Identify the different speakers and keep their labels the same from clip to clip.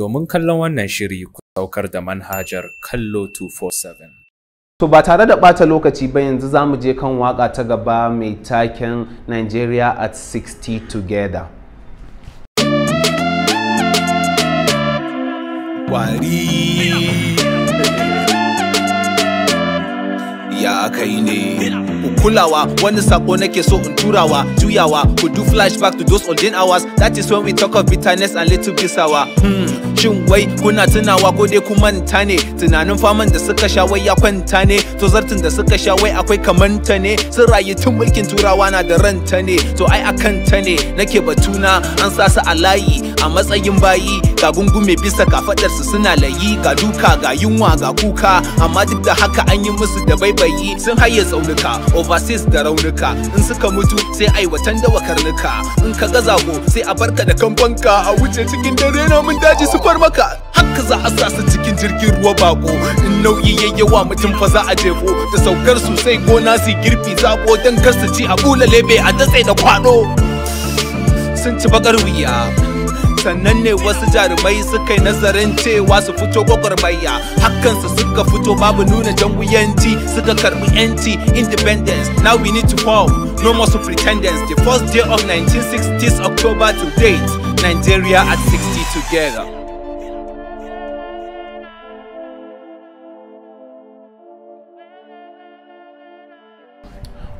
Speaker 1: Domin kallon wannan shiri ku saukar da manhajar Kallo 247. To ba tare da ɓata lokaci ba yanzu za mu je kan waƙa ta gaba mai taken Nigeria at 60 Together. Wari ya kai ne. kulawa wani sako nake so in turawa juyawa Ku do flashback to those olden hours that is when we talk of bitterness and little bisawa hmm. shin wai kuna tunawa ko dai ku manta ne tunanin faman da suka sha wai ya kwanta ne to zartin da suka sha wai akwai kamanta ne sun rayu tun mulkin turawa na da ranta ne to ai akan ta ne nake batuna an sa su a layi a matsayin bayi ga gungume bisa kafadarsu suna layi ga duka ga yunwa ga kuka amma duk da haka an yi musu da baibayi sun haye tsaunuka overseas da raunuka in suka mutu sai aiwatan da wakarnuka in ka gaza ko sai a barka da kambanka a wuce cikin dare na mun daji su far maka haka za a sa su cikin jirgin ruwa bako in nauyi yayyawa mutum fa za a jefo da saukar su sai gona su girbi zabo don kar su ci a bula lebe a datse da kwano sun ci bakar wuya sannan ne wasu jarumai suka yi nazarin cewa su fito gwagwarmaya hakansu suka fito babu nuna janguyanci suka karbi yanci independence now we need to form no more superintendence the first day of 1960s october to date nigeria at 60 together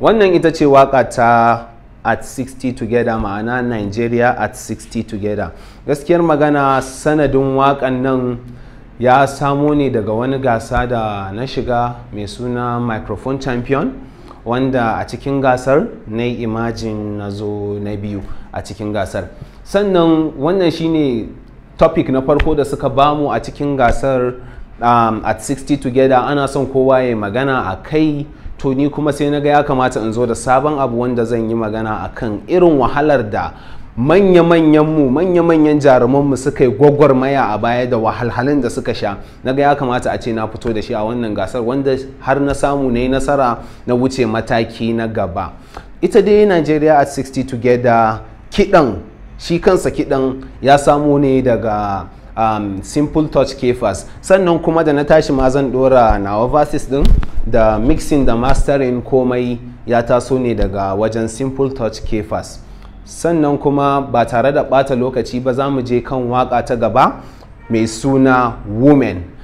Speaker 1: wannan ita ce waka ta at 60 together ma'ana Nigeria at 60 together gaskiyar magana sanadin wakan nan ya samo ne daga wani gasa da na shiga mai suna microphone champion wanda a cikin gasar na yi imajin na zo na biyu a cikin gasar sannan wannan shine topic na farko da suka bamu a cikin gasar um, at 60 together ana son kowa ya magana a kai to ni kuma sai naga ga ya kamata in zo da sabon abu wanda zan yi magana akan irin wahalar da manya-manyan mu manya-manyan jarumanmu mu suka yi gwagwarmaya a baya da wahalhalun da suka sha na ga ya kamata a ce na fito da shi a wannan gasar wanda har na samu na yi nasara na wuce mataki na gaba ita dai nigeria at 60 together kidan shi kansa kidan ya samu ne daga um, simple touch kefas sannan kuma da na tashi ma zan dora nawa overseas din da mixing da mastering komai ya taso ne daga wajen simple touch kefas sannan kuma ba tare da bata lokaci ba za mu je kan waka ta gaba mai suna women